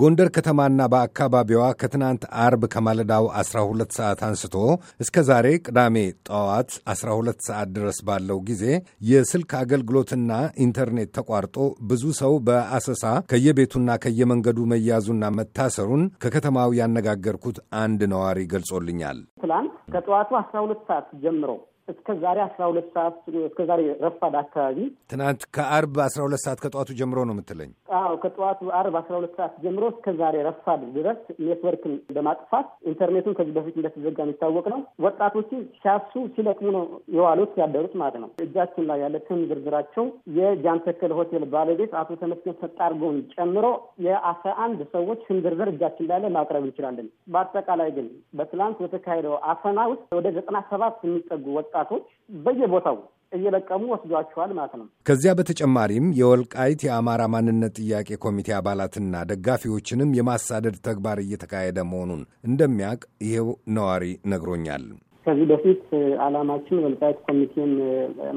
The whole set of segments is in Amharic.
ጎንደር ከተማና በአካባቢዋ ከትናንት አርብ ከማለዳው 12 ሰዓት አንስቶ እስከ ዛሬ ቅዳሜ ጠዋት 12 ሰዓት ድረስ ባለው ጊዜ የስልክ አገልግሎትና ኢንተርኔት ተቋርጦ ብዙ ሰው በአሰሳ ከየቤቱና ከየመንገዱ መያዙና መታሰሩን ከከተማው ያነጋገርኩት አንድ ነዋሪ ገልጾልኛል። ትላንት ከጠዋቱ 12 ሰዓት ጀምሮ እስከ ዛሬ አስራ ሁለት ሰዓት እስከ ዛሬ ረፋድ አካባቢ ትናንት ከአርብ አስራ ሁለት ሰዓት ከጠዋቱ ጀምሮ ነው የምትለኝ? አዎ ከጠዋቱ አርብ አስራ ሁለት ሰዓት ጀምሮ እስከ ዛሬ ረፋድ ድረስ ኔትወርክን በማጥፋት ኢንተርኔቱን ከዚህ በፊት እንደተዘጋ የሚታወቅ ነው። ወጣቶችን ሲያሱ ሲለቅሙ ነው የዋሉት ያደሩት ማለት ነው። እጃችን ላይ ያለ ስም ዝርዝራቸው የጃንተከል ሆቴል ባለቤት አቶ ተመስገን ፈጣርጎን ጨምሮ የአስራ አንድ ሰዎች ስም ዝርዝር እጃችን ላይ ማቅረብ እንችላለን። በአጠቃላይ ግን በትላንት በተካሄደው አፈና ውስጥ ወደ ዘጠና ሰባት የሚጠጉ ወጣ ወጣቶች በየቦታው እየለቀሙ ወስዷቸዋል ማለት ነው። ከዚያ በተጨማሪም የወልቃይት የአማራ ማንነት ጥያቄ ኮሚቴ አባላትና ደጋፊዎችንም የማሳደድ ተግባር እየተካሄደ መሆኑን እንደሚያውቅ ይኸው ነዋሪ ነግሮኛል። ከዚህ በፊት አላማችን ወልቃይት ኮሚቴን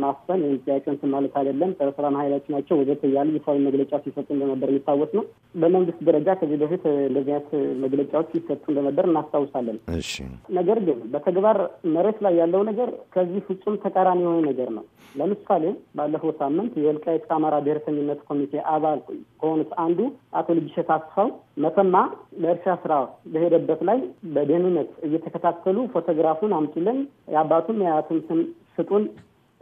ማስፈን ወይም ጥያቄን ስማለት አይደለም ጸረ ሰላም ኃይሎች ናቸው ወዘተ እያሉ ይፋዊ መግለጫ ሲሰጡ እንደነበር የሚታወስ ነው። በመንግስት ደረጃ ከዚህ በፊት እንደዚህ አይነት መግለጫዎች ሲሰጡ እንደነበር እናስታውሳለን። ነገር ግን በተግባር መሬት ላይ ያለው ነገር ከዚህ ፍጹም ተቃራኒ የሆነ ነገር ነው። ለምሳሌ ባለፈው ሳምንት የወልቃይት አማራ ብሔርተኝነት ኮሚቴ አባል ከሆኑት አንዱ አቶ ልጅሸት አስፋው መተማ ለእርሻ ስራ በሄደበት ላይ በደህንነት እየተከታተሉ ፎቶግራፉን አምጡ ሲለን የአባቱም የአያቱም ስም ስጡን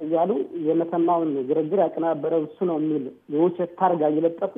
እያሉ የመተማውን ግርግር ያቀናበረ እሱ ነው የሚል የውሸት ታርጋ እየለጠፉ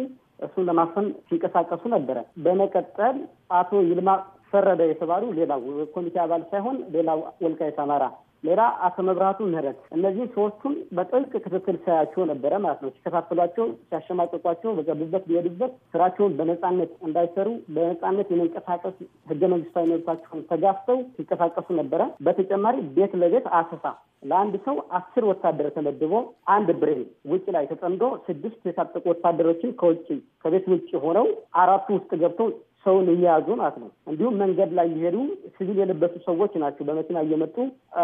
እሱን ለማፈን ሲንቀሳቀሱ ነበረ። በመቀጠል አቶ ይልማ ፈረደ የተባሉ ሌላው የኮሚቴ አባል ሳይሆን ሌላው ወልቃይት አማራ ሌላ አቶ መብራቱ ምህረት እነዚህ ሶስቱም በጥልቅ ክትትል ሳያቸው ነበረ ማለት ነው። ሲከታተሏቸው፣ ሲያሸማቀቋቸው፣ በገቡበት ቢሄዱበት ስራቸውን በነፃነት እንዳይሰሩ በነፃነት የመንቀሳቀስ ህገ መንግስታዊ መብታቸውን ተጋፍተው ሲንቀሳቀሱ ነበረ። በተጨማሪ ቤት ለቤት አሰሳ ለአንድ ሰው አስር ወታደር ተመድቦ አንድ ብሬን ውጭ ላይ ተጠምዶ ስድስት የታጠቁ ወታደሮችን ከውጭ ከቤት ውጭ ሆነው አራቱ ውስጥ ገብተው ሰውን እየያዙ ማለት ነው። እንዲሁም መንገድ ላይ እየሄዱ ሲቪል የለበሱ ሰዎች ናቸው በመኪና እየመጡ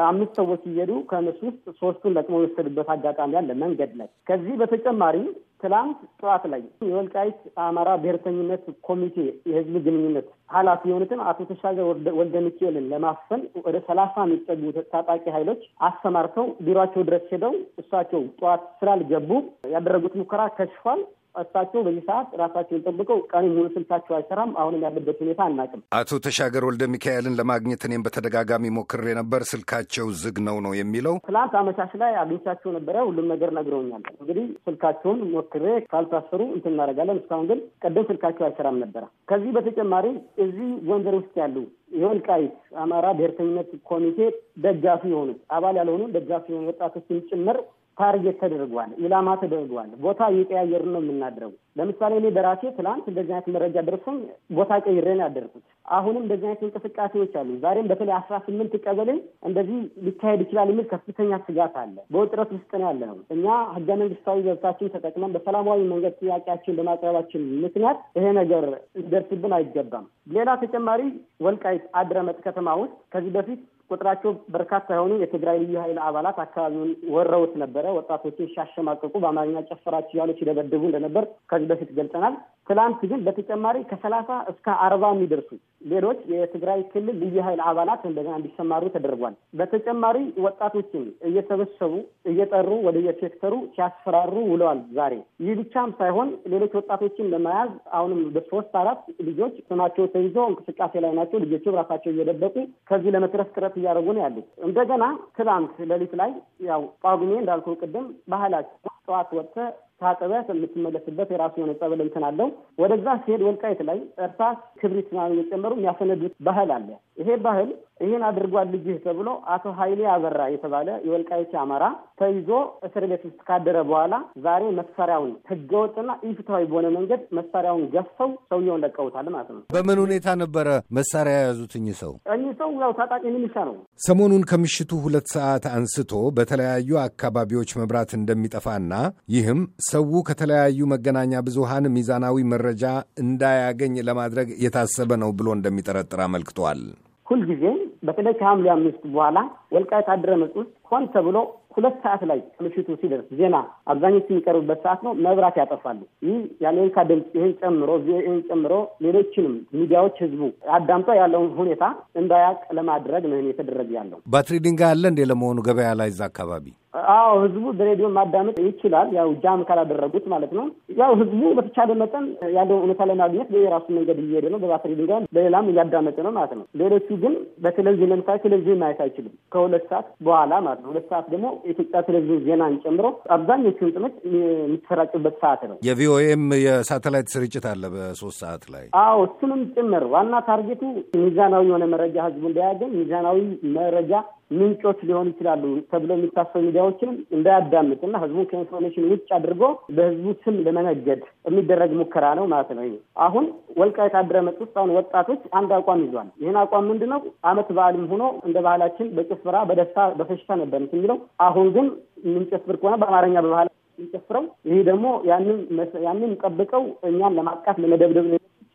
አምስት ሰዎች እየሄዱ ከእነሱ ውስጥ ሶስቱን ለቅመው የወሰዱበት አጋጣሚ አለ መንገድ ላይ። ከዚህ በተጨማሪ ትላንት ጠዋት ላይ የወልቃይት አማራ ብሔርተኝነት ኮሚቴ የህዝብ ግንኙነት ኃላፊ የሆኑትን አቶ ተሻገር ወልደ ሚካኤልን ለማፈን ወደ ሰላሳ የሚጠጉ ታጣቂ ኃይሎች አሰማርተው ቢሯቸው ድረስ ሄደው እሳቸው ጠዋት ስላልገቡ ያደረጉት ሙከራ ከሽፏል። እሳቸው በዚህ ሰዓት ራሳቸውን ጠብቀው ቀን ሙሉ ስልካቸው አይሰራም። አሁንም ያለበት ሁኔታ አናውቅም። አቶ ተሻገር ወልደ ሚካኤልን ለማግኘት እኔም በተደጋጋሚ ሞክሬ ነበር። ስልካቸው ዝግ ነው ነው የሚለው። ትናንት አመሻሽ ላይ አግኝቻቸው ነበረ። ሁሉም ነገር ነግረውኛል። እንግዲህ ስልካቸውን ሞክሬ ካልታሰሩ እንትን እናደርጋለን። እስካሁን ግን ቀደም ስልካቸው አይሰራም ነበረ። ከዚህ በተጨማሪ እዚህ ጎንደር ውስጥ ያሉ የወልቃይት አማራ ብሔርተኝነት ኮሚቴ ደጋፊ የሆኑ አባል ያልሆኑ ደጋፊ የሆኑ ወጣቶችን ጭምር ታርጌት ተደርጓል፣ ኢላማ ተደርጓል። ቦታ እየቀያየር ነው የምናድረው። ለምሳሌ እኔ በራሴ ትላንት እንደዚህ አይነት መረጃ ደርሶኝ ቦታ ቀይሬን ያደርኩት። አሁንም እንደዚህ አይነት እንቅስቃሴዎች አሉ። ዛሬም በተለይ አስራ ስምንት ቀበሌ እንደዚህ ሊካሄድ ይችላል የሚል ከፍተኛ ስጋት አለ። በውጥረት ውስጥ ነው ያለ ነው። እኛ ህገ መንግስታዊ መብታችን ተጠቅመን በሰላማዊ መንገድ ጥያቄያችን በማቅረባችን ምክንያት ይሄ ነገር ሊደርስብን አይገባም። ሌላ ተጨማሪ ወልቃይት አድረመጥ ከተማ ውስጥ ከዚህ በፊት ቁጥራቸው በርካታ የሆኑ የትግራይ ልዩ ኃይል አባላት አካባቢውን ወረውት ነበረ። ወጣቶችን ሲያሸማቀቁ በአማርኛ ጨፈራችሁ እያሉ ሲደበድቡ እንደነበር ከዚህ በፊት ገልጸናል። ትላንት ግን በተጨማሪ ከሰላሳ እስከ አርባ የሚደርሱ ሌሎች የትግራይ ክልል ልዩ ኃይል አባላት እንደገና እንዲሰማሩ ተደርጓል። በተጨማሪ ወጣቶችን እየሰበሰቡ እየጠሩ ወደ የሴክተሩ ሲያስፈራሩ ውለዋል። ዛሬ ይህ ብቻም ሳይሆን ሌሎች ወጣቶችን ለመያዝ አሁንም በሶስት አራት ልጆች ስማቸው ተይዞ እንቅስቃሴ ላይ ናቸው። ልጆቹ ራሳቸው እየደበቁ ከዚህ ለመትረፍ ጥረት ጥረት እያደረጉ ነው ያሉት። እንደገና ትናንት ሌሊት ላይ ያው ጳጉሜ እንዳልኩ ቅድም ባህላቸው ጠዋት ወጥተ ታጥበህ የምትመለስበት የራሱ የሆነ ጸበል እንትን አለው። ወደዛ ሲሄድ ወልቃይት ላይ እርሳስ፣ ክብሪት የጨመሩ የሚያሰነዱት ባህል አለ። ይሄ ባህል ይህን አድርጓል ልጅህ ተብሎ አቶ ኃይሌ አበራ የተባለ የወልቃይት አማራ ተይዞ እስር ቤት ውስጥ ካደረ በኋላ ዛሬ መሳሪያውን ህገወጥና ኢፍትሐዊ በሆነ መንገድ መሳሪያውን ገፈው ሰውየውን ለቀውታል ማለት ነው። በምን ሁኔታ ነበረ መሳሪያ የያዙትኝ ሰው? ሰው ያው ታጣቂ ሚሊሻ ነው። ሰሞኑን ከምሽቱ ሁለት ሰዓት አንስቶ በተለያዩ አካባቢዎች መብራት እንደሚጠፋና ይህም ሰው ከተለያዩ መገናኛ ብዙሃን ሚዛናዊ መረጃ እንዳያገኝ ለማድረግ የታሰበ ነው ብሎ እንደሚጠረጥር አመልክቷል። ሁልጊዜም በተለይ ከሐምሌ አምስት በኋላ ወልቃይት አድረ መጽ ሆን ተብሎ ሁለት ሰዓት ላይ ምሽቱ ሲደርስ ዜና አብዛኞቹ የሚቀርብበት ሰዓት ነው፣ መብራት ያጠፋሉ። ይህ የአሜሪካ ድምፅ ይህን ጨምሮ ቪኦኤን ጨምሮ ሌሎችንም ሚዲያዎች ህዝቡ አዳምጦ ያለውን ሁኔታ እንዳያቅ ለማድረግ ነው የተደረገ ያለው። ባትሪ ድንጋይ አለ እንዴ ለመሆኑ ገበያ ላይ እዛ አካባቢ? አዎ ህዝቡ በሬዲዮ ማዳመጥ ይችላል። ያው ጃም ካላደረጉት ማለት ነው። ያው ህዝቡ በተቻለ መጠን ያለውን እውነታ ለማግኘት የራሱ መንገድ እየሄደ ነው። በባትሪ ድንጋይ በሌላም እያዳመጠ ነው ማለት ነው። ሌሎቹ ግን በቴሌቪዥን ለምሳሌ ቴሌቪዥን ማየት አይችልም ከሁለት ሰዓት በኋላ ማለት ነው። ሁለት ሰዓት ደግሞ የኢትዮጵያ ቴሌቪዥን ዜናን ጨምሮ አብዛኞቹን እንትኖች የሚሰራጩበት ሰዓት ነው። የቪኦኤም የሳተላይት ስርጭት አለ በሶስት ሰዓት ላይ። አዎ እሱንም ጭምር ዋና ታርጌቱ ሚዛናዊ የሆነ መረጃ ህዝቡ እንዳያገኝ ሚዛናዊ መረጃ ምንጮች ሊሆኑ ይችላሉ ተብሎ የሚታሰቡ ሚዲያዎችን እንዳያዳምጥና ህዝቡን ከኢንፎርሜሽን ውጭ አድርጎ በህዝቡ ስም ለመነገድ የሚደረግ ሙከራ ነው ማለት ነው። አሁን ወልቃይት አድረ መጥ ውስጥ አሁን ወጣቶች አንድ አቋም ይዟል። ይህን አቋም ምንድን ነው? አመት በዓልም ሆኖ እንደ ባህላችን በጭፈራ በደስታ በፈሽታ ነበር የሚለው። አሁን ግን የምንጨፍር ከሆነ በአማርኛ በባህል የምንጨፍረው ይህ ደግሞ ያንን ያንን ጠብቀው እኛን ለማጥቃት ለመደብደብ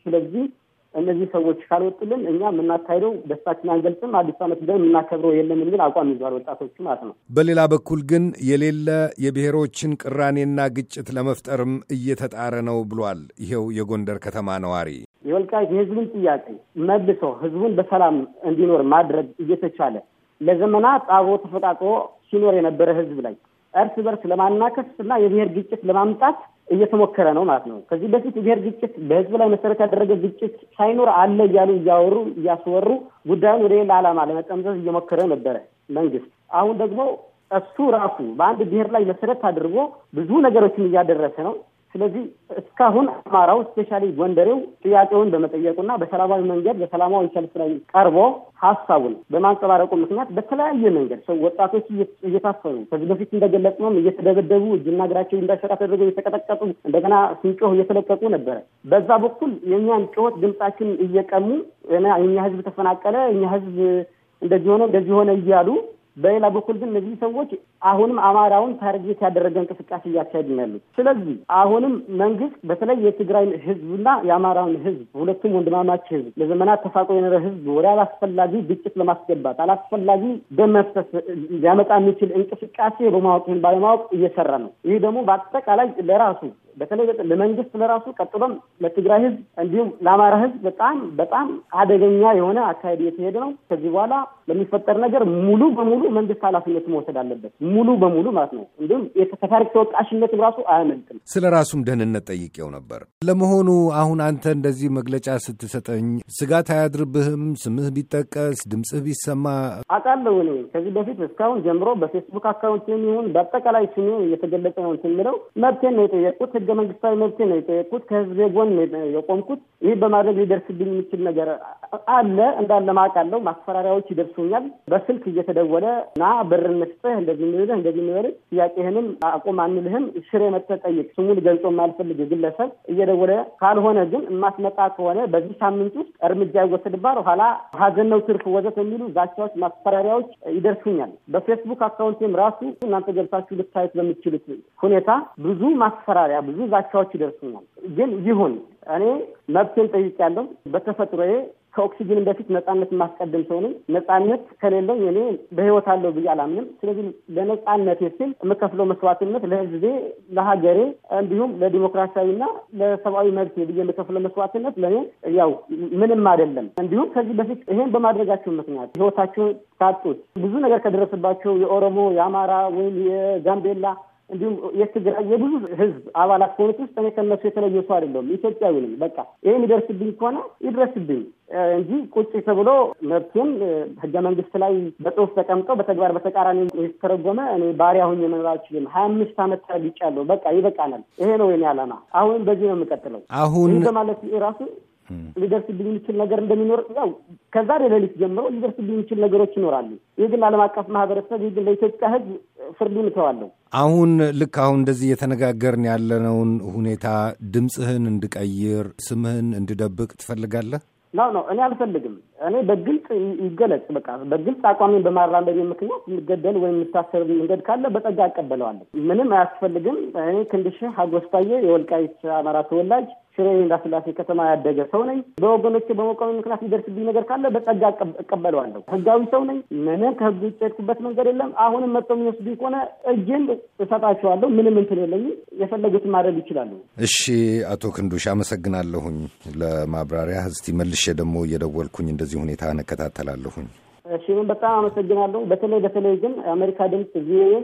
ስለዚህ እነዚህ ሰዎች ካልወጡልን እኛ የምናካሄደው ደስታችን አንገልጽም፣ አዲስ ዓመት ላይ የምናከብረው የለም የሚል አቋም ይዟል ወጣቶቹ ማለት ነው። በሌላ በኩል ግን የሌለ የብሔሮችን ቅራኔና ግጭት ለመፍጠርም እየተጣረ ነው ብሏል ይኸው የጎንደር ከተማ ነዋሪ። የወልቃይት የህዝብን ጥያቄ መልሶ ህዝቡን በሰላም እንዲኖር ማድረግ እየተቻለ ለዘመናት አብሮ ተፈቃቅሮ ሲኖር የነበረ ህዝብ ላይ እርስ በርስ ለማናከስ እና የብሔር ግጭት ለማምጣት እየተሞከረ ነው ማለት ነው። ከዚህ በፊት ብሔር ግጭት በህዝብ ላይ መሰረት ያደረገ ግጭት ሳይኖር አለ እያሉ እያወሩ እያስወሩ ጉዳዩን ወደ ሌላ ዓላማ ለመጠምዘዝ እየሞከረ ነበረ መንግስት። አሁን ደግሞ እሱ ራሱ በአንድ ብሔር ላይ መሰረት አድርጎ ብዙ ነገሮችን እያደረሰ ነው። ስለዚህ እስካሁን አማራው ስፔሻሊ ጎንደሬው ጥያቄውን በመጠየቁና በሰላማዊ መንገድ በሰላማዊ ሰልፍ ላይ ቀርቦ ሀሳቡን በማንጸባረቁ ምክንያት በተለያየ መንገድ ሰው ወጣቶች እየታፈኑ ከዚህ በፊት እንደገለጽነውም እየተደበደቡ እጅና እግራቸው እንዳሸራ ተደርገው እየተቀጠቀጡ እንደገና ስንጮህ እየተለቀቁ ነበረ። በዛ በኩል የእኛን ጩኸት ድምጻችን እየቀሙ የእኛ ህዝብ ተፈናቀለ፣ የእኛ ህዝብ እንደዚህ ሆነ እንደዚህ ሆነ እያሉ በሌላ በኩል ግን እነዚህ ሰዎች አሁንም አማራውን ታርጌት ያደረገ እንቅስቃሴ እያካሄዱ ነው ያሉት። ስለዚህ አሁንም መንግስት በተለይ የትግራይ ህዝብና የአማራውን ህዝብ ሁለቱም ወንድማማች ህዝብ ለዘመናት ተፋቆ የኖረ ህዝብ ወደ አላስፈላጊ ግጭት ለማስገባት አላስፈላጊ ደም መፍሰስ ሊያመጣ የሚችል እንቅስቃሴ በማወቅ ባለማወቅ እየሰራ ነው። ይህ ደግሞ በአጠቃላይ ለራሱ በተለይ ለመንግስት ለራሱ ቀጥሎም ለትግራይ ህዝብ እንዲሁም ለአማራ ህዝብ በጣም በጣም አደገኛ የሆነ አካሄድ እየተሄደ ነው። ከዚህ በኋላ ለሚፈጠር ነገር ሙሉ በሙሉ መንግስት ኃላፊነት መውሰድ አለበት ሙሉ በሙሉ ማለት ነው። እንዲሁም ከታሪክ ተወቃሽነት ራሱ አያመልጥም። ስለ ራሱም ደህንነት ጠይቄው ነበር። ለመሆኑ አሁን አንተ እንደዚህ መግለጫ ስትሰጠኝ ስጋት አያድርብህም? ስምህ ቢጠቀስ ድምፅህ ቢሰማ አውቃለሁ። እኔ ከዚህ በፊት እስካሁን ጀምሮ በፌስቡክ አካውንት ይሁን በአጠቃላይ ስሜ እየተገለጸ ነው የምለው መብቴ ነው የጠየቅኩት። ህገ መንግስታዊ መብቴ ነው የጠየቅኩት። ከህዝብ ጎን የቆምኩት። ይህ በማድረግ ሊደርስብኝ የሚችል ነገር አለ እንዳለ ማቃለው ማስፈራሪያዎች ይደርሱኛል በስልክ እየተደወለ ና ብር እንስጥህ እንደዚህ እንበልህ እንደዚህ እንበልህ ጥያቄህንም አቁም አንልህም ሽሬ መጥተህ ጠይቅ። ስሙን ገልጾ የማልፈልግ ግለሰብ እየደወለ ካልሆነ ግን የማትመጣ ከሆነ በዚህ ሳምንት ውስጥ እርምጃ ይወሰድባል፣ ኋላ ሀዘን ነው ትርፍ ወዘት የሚሉ ዛቻዎች፣ ማስፈራሪያዎች ይደርሱኛል። በፌስቡክ አካውንቴም ራሱ እናንተ ገብታችሁ ልታዩት በምችሉት ሁኔታ ብዙ ማስፈራሪያ፣ ብዙ ዛቻዎች ይደርሱኛል። ግን ይሁን እኔ መብቴን ጠይቄያለሁ። በተፈጥሮዬ ከኦክሲጅንም በፊት ነጻነት የማስቀድም ሰው ነኝ። ነጻነት ከሌለው እኔ በህይወት አለው ብዬ አላምንም። ስለዚህ ለነጻነት ስል የምከፍለው መስዋዕትነት ለህዝቤ፣ ለሀገሬ እንዲሁም ለዲሞክራሲያዊና ለሰብአዊ መብት ብዬ የምከፍለው መስዋዕትነት ለእኔ ያው ምንም አይደለም። እንዲሁም ከዚህ በፊት ይሄን በማድረጋቸው ምክንያት ህይወታቸውን ካጡት ብዙ ነገር ከደረሰባቸው የኦሮሞ የአማራ ወይም የጋምቤላ እንዲሁም የትግራይ የብዙ ህዝብ አባላት ከሆኑት ውስጥ እኔ ከነሱ የተለየ ሰው አይደለሁም። ኢትዮጵያዊ ነኝ። በቃ ይሄ የሚደርስብኝ ከሆነ ይድረስብኝ። እንጂ ቁጭ ተብሎ መብቴም ህገ መንግስት ላይ በጽሁፍ ተቀምጠው በተግባር በተቃራኒ የተተረጎመ እኔ ባሪያ ሁኝ መኖር አልችልም። ሀያ አምስት አመት ተረግጫለሁ። በቃ ይበቃናል። ይሄ ነው የኔ ዓላማ። አሁን በዚህ ነው የምቀጥለው። አሁን በማለት ራሱ ሊደርስብኝ የሚችል ነገር እንደሚኖር ያው ከዛሬ ሌሊት ጀምሮ ሊደርስብኝ የሚችል ነገሮች ይኖራሉ። ይህ ግን ለዓለም አቀፍ ማህበረሰብ፣ ይህ ግን ለኢትዮጵያ ህዝብ ፍርዱን እተዋለሁ። አሁን ልክ አሁን እንደዚህ እየተነጋገርን ያለነውን ሁኔታ ድምፅህን እንድቀይር ስምህን እንድደብቅ ትፈልጋለህ? ነው ነው እኔ አልፈልግም። እኔ በግልጽ ይገለጽ። በቃ በግልጽ አቋሜን በማራመድ ምክንያት የምገደል ወይም የምታሰር መንገድ ካለ በጸጋ እቀበለዋለሁ። ምንም አያስፈልግም። እኔ ክንድሽ ሀጎስታዬ የወልቃይት አማራ ተወላጅ ሽሬ እንዳስላሴ ከተማ ያደገ ሰው ነኝ። በወገኖቼ በመቆሜ ምክንያት ሊደርስብኝ ነገር ካለ በጸጋ እቀበለዋለሁ። ህጋዊ ሰው ነኝ። ምንም ከህግ ውጭ የሄድኩበት መንገድ የለም። አሁንም መጥቶ የሚወስዱኝ ከሆነ እጅን እሰጣቸዋለሁ። ምንም እንትን የለኝ። የፈለጉትን ማድረግ ይችላሉ። እሺ፣ አቶ ክንዱሽ አመሰግናለሁኝ ለማብራሪያ። እስቲ መልሼ ደግሞ እየደወልኩኝ እንደዚህ ሁኔታ እከታተላለሁኝ። እሺ፣ በጣም አመሰግናለሁ። በተለይ በተለይ ግን የአሜሪካ ድምፅ ቪኦኤ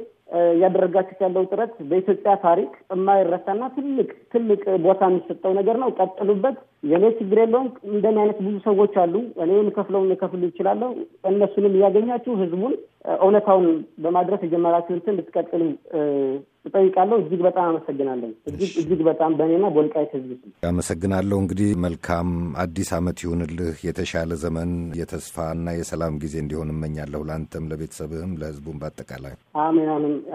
እያደረጋችሁት ያለው ጥረት በኢትዮጵያ ታሪክ የማይረሳና ትልቅ ትልቅ ቦታ የሚሰጠው ነገር ነው። ቀጥሉበት። የእኔ ችግር የለውም። እንደኔ አይነት ብዙ ሰዎች አሉ። እኔ የምከፍለውን ልከፍሉ ይችላለሁ። እነሱንም እያገኛችሁ ህዝቡን እውነታውን በማድረስ የጀመራችሁትን ልትቀጥሉ እጠይቃለሁ። እጅግ በጣም አመሰግናለሁ። እጅግ እጅግ በጣም በእኔና በወልቃይት ህዝብ አመሰግናለሁ። እንግዲህ መልካም አዲስ ዓመት ይሁንልህ። የተሻለ ዘመን የተስፋ እና የሰላም ጊዜ እንዲሆን እመኛለሁ። ለአንተም፣ ለቤተሰብህም፣ ለህዝቡም በአጠቃላይ አሜን።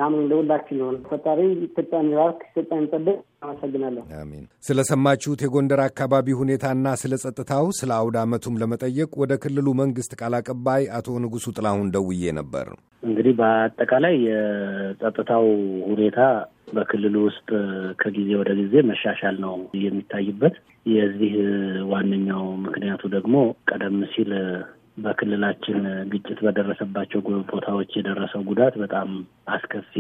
አሜን ለሁላችን ይሆን። ፈጣሪ ኢትዮጵያን ይባርክ፣ ኢትዮጵያን ይጠብቅ። አመሰግናለሁ። አሜን። ስለ ሰማችሁት የጎንደር አካባቢ ሁኔታና ስለ ጸጥታው፣ ስለ አውደ አመቱም ለመጠየቅ ወደ ክልሉ መንግስት ቃል አቀባይ አቶ ንጉሱ ጥላሁን ደውዬ ነበር። እንግዲህ በአጠቃላይ የጸጥታው ሁኔታ በክልሉ ውስጥ ከጊዜ ወደ ጊዜ መሻሻል ነው የሚታይበት። የዚህ ዋነኛው ምክንያቱ ደግሞ ቀደም ሲል በክልላችን ግጭት በደረሰባቸው ቦታዎች የደረሰው ጉዳት በጣም አስከፊ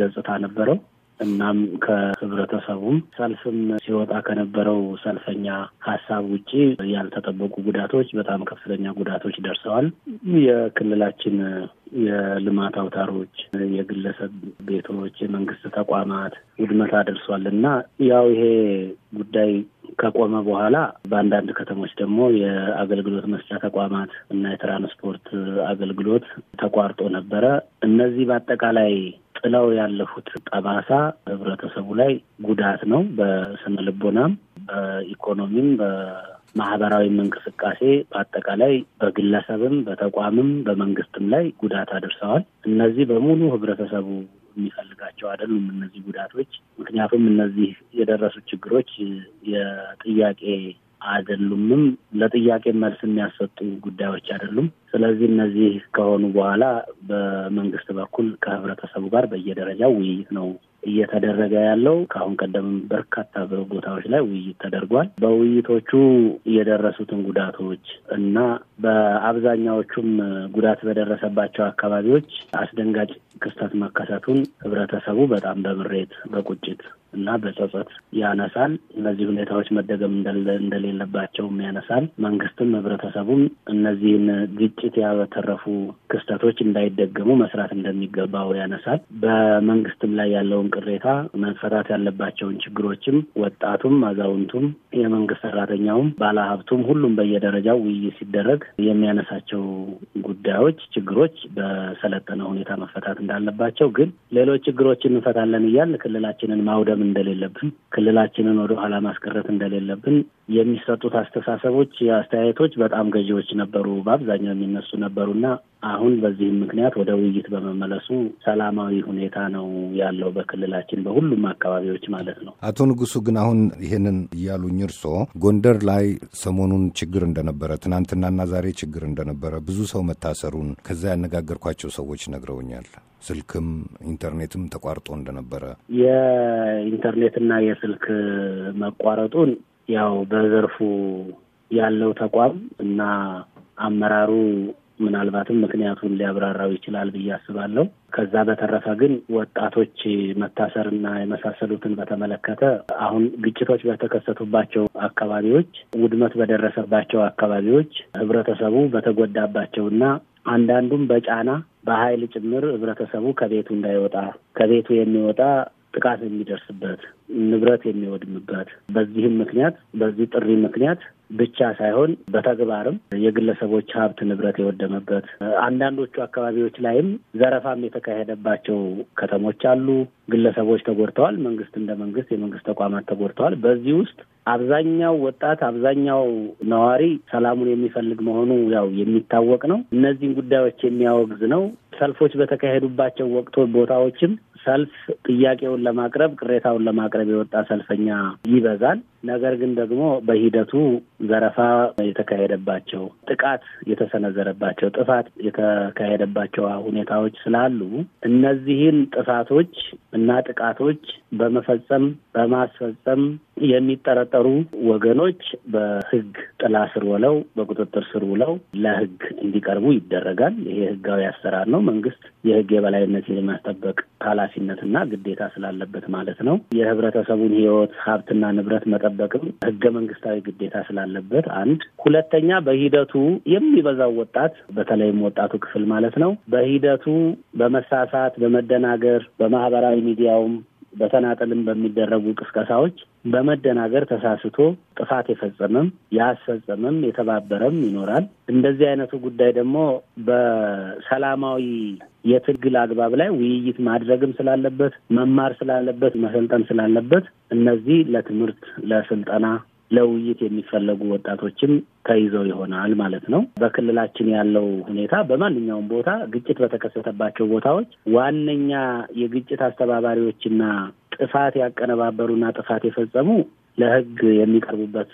ገጽታ ነበረው። እናም ከህብረተሰቡም ሰልፍም ሲወጣ ከነበረው ሰልፈኛ ሀሳብ ውጪ ያልተጠበቁ ጉዳቶች፣ በጣም ከፍተኛ ጉዳቶች ደርሰዋል። የክልላችን የልማት አውታሮች፣ የግለሰብ ቤቶች፣ የመንግስት ተቋማት ውድመት አድርሷል እና ያው ይሄ ጉዳይ ከቆመ በኋላ በአንዳንድ ከተሞች ደግሞ የአገልግሎት መስጫ ተቋማት እና የትራንስፖርት አገልግሎት ተቋርጦ ነበረ። እነዚህ በአጠቃላይ ጥለው ያለፉት ጠባሳ ህብረተሰቡ ላይ ጉዳት ነው። በስነ ልቦናም፣ በኢኮኖሚም፣ በማህበራዊም እንቅስቃሴ በአጠቃላይ በግለሰብም፣ በተቋምም፣ በመንግስትም ላይ ጉዳት አድርሰዋል። እነዚህ በሙሉ ህብረተሰቡ የሚፈልጋቸው አይደሉም እነዚህ ጉዳቶች። ምክንያቱም እነዚህ የደረሱ ችግሮች የጥያቄ አይደሉምም። ለጥያቄ መልስ የሚያሰጡ ጉዳዮች አይደሉም። ስለዚህ እነዚህ ከሆኑ በኋላ በመንግስት በኩል ከህብረተሰቡ ጋር በየደረጃው ውይይት ነው እየተደረገ ያለው። ከአሁን ቀደም በርካታ ቦታዎች ላይ ውይይት ተደርጓል። በውይይቶቹ የደረሱትን ጉዳቶች እና በአብዛኛዎቹም ጉዳት በደረሰባቸው አካባቢዎች አስደንጋጭ ክስተት መከሰቱን ህብረተሰቡ በጣም በምሬት በቁጭት እና በጸጸት ያነሳል። እነዚህ ሁኔታዎች መደገም እንደሌለባቸውም ያነሳል። መንግስትም ህብረተሰቡም እነዚህን ግጭት ያበተረፉ ክስተቶች እንዳይደገሙ መስራት እንደሚገባው ያነሳል። በመንግስትም ላይ ያለውን ቅሬታ፣ መፈታት ያለባቸውን ችግሮችም ወጣቱም፣ አዛውንቱም፣ የመንግስት ሰራተኛውም፣ ባለሀብቱም ሁሉም በየደረጃው ውይይት ሲደረግ የሚያነሳቸው ጉዳዮች፣ ችግሮች በሰለጠነ ሁኔታ መፈታት እንዳለባቸው ግን ሌሎች ችግሮችን እንፈታለን እያልን ክልላችንን ማውደም መሸለም እንደሌለብን፣ ክልላችንን ወደ ኋላ ማስቀረት እንደሌለብን የሚሰጡት አስተሳሰቦች፣ አስተያየቶች በጣም ገዢዎች ነበሩ፣ በአብዛኛው የሚነሱ ነበሩና አሁን በዚህም ምክንያት ወደ ውይይት በመመለሱ ሰላማዊ ሁኔታ ነው ያለው በክልላችን በሁሉም አካባቢዎች ማለት ነው። አቶ ንጉሱ ግን አሁን ይህንን እያሉኝ እርሶ ጎንደር ላይ ሰሞኑን ችግር እንደነበረ፣ ትናንትናና ዛሬ ችግር እንደነበረ ብዙ ሰው መታሰሩን ከዛ ያነጋገርኳቸው ሰዎች ነግረውኛል። ስልክም ኢንተርኔትም ተቋርጦ እንደነበረ የኢንተርኔትና የስልክ መቋረጡን ያው በዘርፉ ያለው ተቋም እና አመራሩ ምናልባትም ምክንያቱን ሊያብራራው ይችላል ብዬ አስባለሁ። ከዛ በተረፈ ግን ወጣቶች መታሰርና የመሳሰሉትን በተመለከተ አሁን ግጭቶች በተከሰቱባቸው አካባቢዎች፣ ውድመት በደረሰባቸው አካባቢዎች ህብረተሰቡ በተጎዳባቸውና አንዳንዱም በጫና በኃይል ጭምር ህብረተሰቡ ከቤቱ እንዳይወጣ ከቤቱ የሚወጣ ጥቃት የሚደርስበት ንብረት የሚወድምበት በዚህም ምክንያት በዚህ ጥሪ ምክንያት ብቻ ሳይሆን በተግባርም የግለሰቦች ሀብት ንብረት የወደመበት አንዳንዶቹ አካባቢዎች ላይም ዘረፋም የተካሄደባቸው ከተሞች አሉ። ግለሰቦች ተጎድተዋል። መንግስት እንደ መንግስት የመንግስት ተቋማት ተጎድተዋል። በዚህ ውስጥ አብዛኛው ወጣት አብዛኛው ነዋሪ ሰላሙን የሚፈልግ መሆኑ ያው የሚታወቅ ነው። እነዚህን ጉዳዮች የሚያወግዝ ነው። ሰልፎች በተካሄዱባቸው ወቅቶ ቦታዎችም ሰልፍ ጥያቄውን ለማቅረብ ቅሬታውን ለማቅረብ የወጣ ሰልፈኛ ይበዛል። ነገር ግን ደግሞ በሂደቱ ዘረፋ የተካሄደባቸው፣ ጥቃት የተሰነዘረባቸው፣ ጥፋት የተካሄደባቸው ሁኔታዎች ስላሉ እነዚህን ጥፋቶች እና ጥቃቶች በመፈጸም በማስፈጸም የሚጠረጠሩ ወገኖች በሕግ ጥላ ስር ውለው በቁጥጥር ስር ውለው ለሕግ እንዲቀርቡ ይደረጋል። ይሄ ሕጋዊ አሰራር ነው። መንግስት የሕግ የበላይነት የማስጠበቅ ኃላፊነትና ግዴታ ስላለበት ማለት ነው። የህብረተሰቡን ህይወት ሀብትና ንብረት መጠበቅም ህገ መንግስታዊ ግዴታ ስላለበት አንድ። ሁለተኛ በሂደቱ የሚበዛው ወጣት በተለይም ወጣቱ ክፍል ማለት ነው በሂደቱ በመሳሳት በመደናገር በማህበራዊ ሚዲያውም በተናጠልም በሚደረጉ ቅስቀሳዎች በመደናገር ተሳስቶ ጥፋት የፈጸመም ያስፈጸመም የተባበረም ይኖራል። እንደዚህ አይነቱ ጉዳይ ደግሞ በሰላማዊ የትግል አግባብ ላይ ውይይት ማድረግም ስላለበት፣ መማር ስላለበት፣ መሰልጠን ስላለበት እነዚህ ለትምህርት ለስልጠና ለውይይት የሚፈለጉ ወጣቶችም ተይዘው ይሆናል ማለት ነው። በክልላችን ያለው ሁኔታ በማንኛውም ቦታ ግጭት በተከሰተባቸው ቦታዎች ዋነኛ የግጭት አስተባባሪዎችና ጥፋት ያቀነባበሩና ጥፋት የፈጸሙ ለህግ የሚቀርቡበት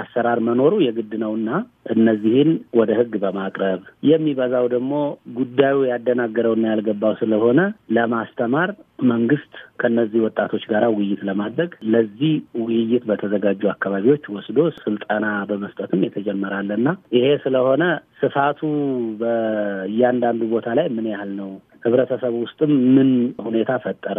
አሰራር መኖሩ የግድ ነውና እነዚህን ወደ ህግ በማቅረብ የሚበዛው ደግሞ ጉዳዩ ያደናገረውና ያልገባው ስለሆነ ለማስተማር መንግስት ከነዚህ ወጣቶች ጋር ውይይት ለማድረግ ለዚህ ውይይት በተዘጋጁ አካባቢዎች ወስዶ ስልጠና በመስጠትም የተጀመራለና ይሄ ስለሆነ ስፋቱ በእያንዳንዱ ቦታ ላይ ምን ያህል ነው ህብረተሰብ ውስጥም ምን ሁኔታ ፈጠረ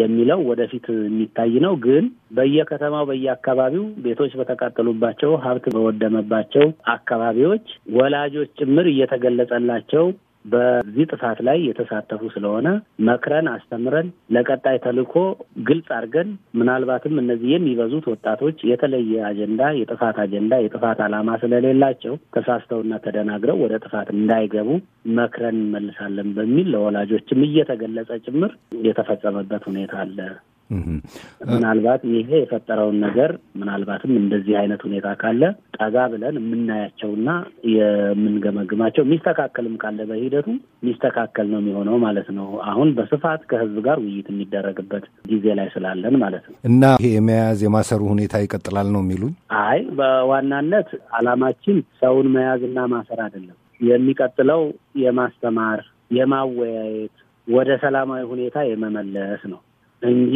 የሚለው ወደፊት የሚታይ ነው። ግን በየከተማው በየአካባቢው ቤቶች በተቃጠሉባቸው ሀብት በወደመባቸው አካባቢዎች ወላጆች ጭምር እየተገለጸላቸው በዚህ ጥፋት ላይ የተሳተፉ ስለሆነ መክረን አስተምረን ለቀጣይ ተልእኮ ግልጽ አድርገን ምናልባትም እነዚህ የሚበዙት ወጣቶች የተለየ አጀንዳ የጥፋት አጀንዳ የጥፋት ዓላማ ስለሌላቸው ተሳስተውና ተደናግረው ወደ ጥፋት እንዳይገቡ መክረን እንመልሳለን በሚል ለወላጆችም እየተገለጸ ጭምር የተፈጸመበት ሁኔታ አለ። ምናልባት ይሄ የፈጠረውን ነገር ምናልባትም እንደዚህ አይነት ሁኔታ ካለ ጠጋ ብለን የምናያቸውና የምንገመግማቸው የሚስተካከልም ካለ በሂደቱ የሚስተካከል ነው የሚሆነው ማለት ነው። አሁን በስፋት ከህዝብ ጋር ውይይት የሚደረግበት ጊዜ ላይ ስላለን ማለት ነው እና ይሄ የመያዝ የማሰሩ ሁኔታ ይቀጥላል ነው የሚሉኝ? አይ በዋናነት አላማችን ሰውን መያዝና ማሰር አይደለም። የሚቀጥለው የማስተማር የማወያየት ወደ ሰላማዊ ሁኔታ የመመለስ ነው። እንጂ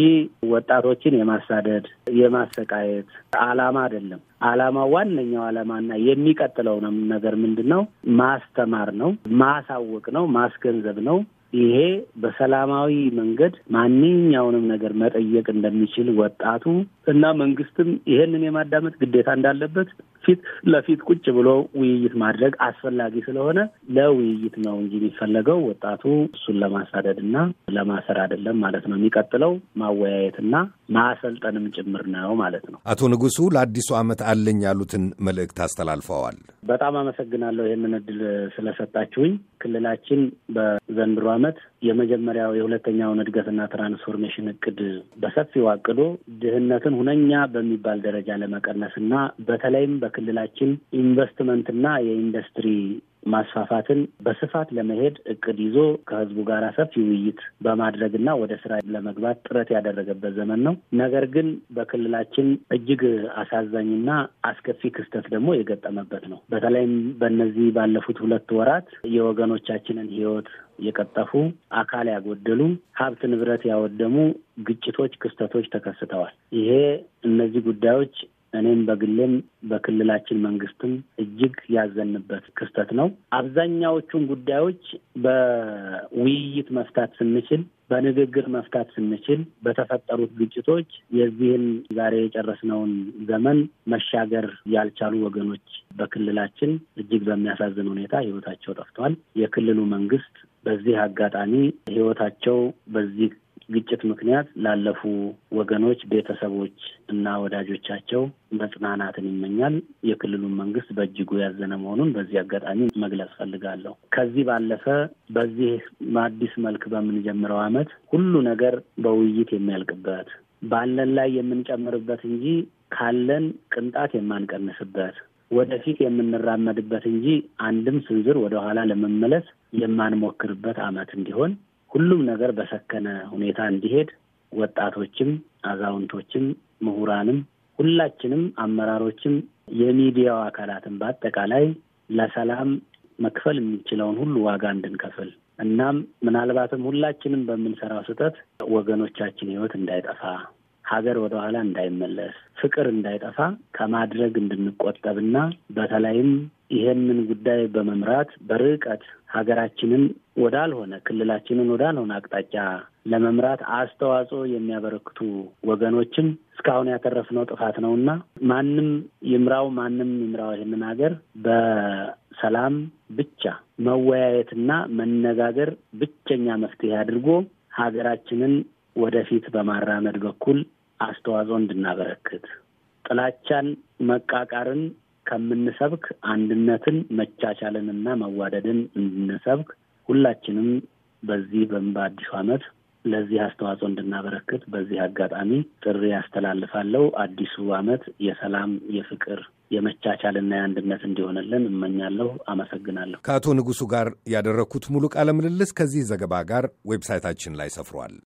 ወጣቶችን የማሳደድ የማሰቃየት አላማ አይደለም። አላማ ዋነኛው አላማና የሚቀጥለው ነው ነገር ምንድን ነው? ማስተማር ነው፣ ማሳወቅ ነው፣ ማስገንዘብ ነው። ይሄ በሰላማዊ መንገድ ማንኛውንም ነገር መጠየቅ እንደሚችል ወጣቱ እና መንግስትም ይሄንን የማዳመጥ ግዴታ እንዳለበት ፊት ለፊት ቁጭ ብሎ ውይይት ማድረግ አስፈላጊ ስለሆነ ለውይይት ነው እንጂ የሚፈለገው ወጣቱ እሱን ለማሳደድ እና ለማሰር አይደለም ማለት ነው። የሚቀጥለው ማወያየትና ማሰልጠንም ጭምር ነው ማለት ነው። አቶ ንጉሱ ለአዲሱ ዓመት አለኝ ያሉትን መልእክት አስተላልፈዋል። በጣም አመሰግናለሁ ይህንን እድል ስለሰጣችሁኝ። ክልላችን በዘንድሮ ዓመት የመጀመሪያው የሁለተኛውን እድገትና ትራንስፎርሜሽን እቅድ በሰፊው አቅዶ ድህነትን ሁነኛ በሚባል ደረጃ ለመቀነስና በተለይም በክልላችን ኢንቨስትመንትና የኢንዱስትሪ ማስፋፋትን በስፋት ለመሄድ እቅድ ይዞ ከህዝቡ ጋር ሰፊ ውይይት በማድረግና ወደ ስራ ለመግባት ጥረት ያደረገበት ዘመን ነው። ነገር ግን በክልላችን እጅግ አሳዛኝና አስከፊ ክስተት ደግሞ የገጠመበት ነው። በተለይም በእነዚህ ባለፉት ሁለት ወራት የወገኖቻችንን ህይወት የቀጠፉ አካል ያጎደሉ፣ ሀብት ንብረት ያወደሙ ግጭቶች፣ ክስተቶች ተከስተዋል። ይሄ እነዚህ ጉዳዮች እኔም በግሌም በክልላችን መንግስትም እጅግ ያዘንበት ክስተት ነው። አብዛኛዎቹን ጉዳዮች በውይይት መፍታት ስንችል በንግግር መፍታት ስንችል በተፈጠሩት ግጭቶች የዚህን ዛሬ የጨረስነውን ዘመን መሻገር ያልቻሉ ወገኖች በክልላችን እጅግ በሚያሳዝን ሁኔታ ህይወታቸው ጠፍቷል። የክልሉ መንግስት በዚህ አጋጣሚ ህይወታቸው በዚህ ግጭት ምክንያት ላለፉ ወገኖች ቤተሰቦች እና ወዳጆቻቸው መጽናናትን ይመኛል። የክልሉን መንግስት በእጅጉ ያዘነ መሆኑን በዚህ አጋጣሚ መግለጽ ፈልጋለሁ። ከዚህ ባለፈ በዚህ በአዲስ መልክ በምንጀምረው ዓመት ሁሉ ነገር በውይይት የሚያልቅበት ባለን ላይ የምንጨምርበት እንጂ ካለን ቅንጣት የማንቀንስበት ወደፊት የምንራመድበት እንጂ አንድም ስንዝር ወደኋላ ለመመለስ የማንሞክርበት ዓመት እንዲሆን ሁሉም ነገር በሰከነ ሁኔታ እንዲሄድ ወጣቶችም፣ አዛውንቶችም፣ ምሁራንም፣ ሁላችንም፣ አመራሮችም፣ የሚዲያው አካላትም በአጠቃላይ ለሰላም መክፈል የሚችለውን ሁሉ ዋጋ እንድንከፍል እናም ምናልባትም ሁላችንም በምንሰራው ስህተት ወገኖቻችን ሕይወት እንዳይጠፋ ሀገር ወደኋላ እንዳይመለስ ፍቅር እንዳይጠፋ ከማድረግ እንድንቆጠብና በተለይም ይህንን ጉዳይ በመምራት በርቀት ሀገራችንን ወዳልሆነ ክልላችንን ወዳልሆነ አቅጣጫ ለመምራት አስተዋጽኦ የሚያበረክቱ ወገኖችን እስካሁን ያተረፍነው ጥፋት ነው እና ማንም ይምራው ማንም ይምራው ይህንን ሀገር በሰላም ብቻ መወያየትና መነጋገር ብቸኛ መፍትሄ አድርጎ ሀገራችንን ወደፊት በማራመድ በኩል አስተዋጽኦ እንድናበረክት ጥላቻን፣ መቃቃርን ከምንሰብክ አንድነትን፣ መቻቻልንና መዋደድን እንድንሰብክ ሁላችንም በዚህ በአዲሱ ዓመት ለዚህ አስተዋጽኦ እንድናበረክት በዚህ አጋጣሚ ጥሪ ያስተላልፋለሁ። አዲሱ ዓመት የሰላም፣ የፍቅር፣ የመቻቻልና የአንድነት እንዲሆንልን እመኛለሁ። አመሰግናለሁ። ከአቶ ንጉሱ ጋር ያደረግኩት ሙሉ ቃለ ምልልስ ከዚህ ዘገባ ጋር ዌብሳይታችን ላይ ሰፍሯል።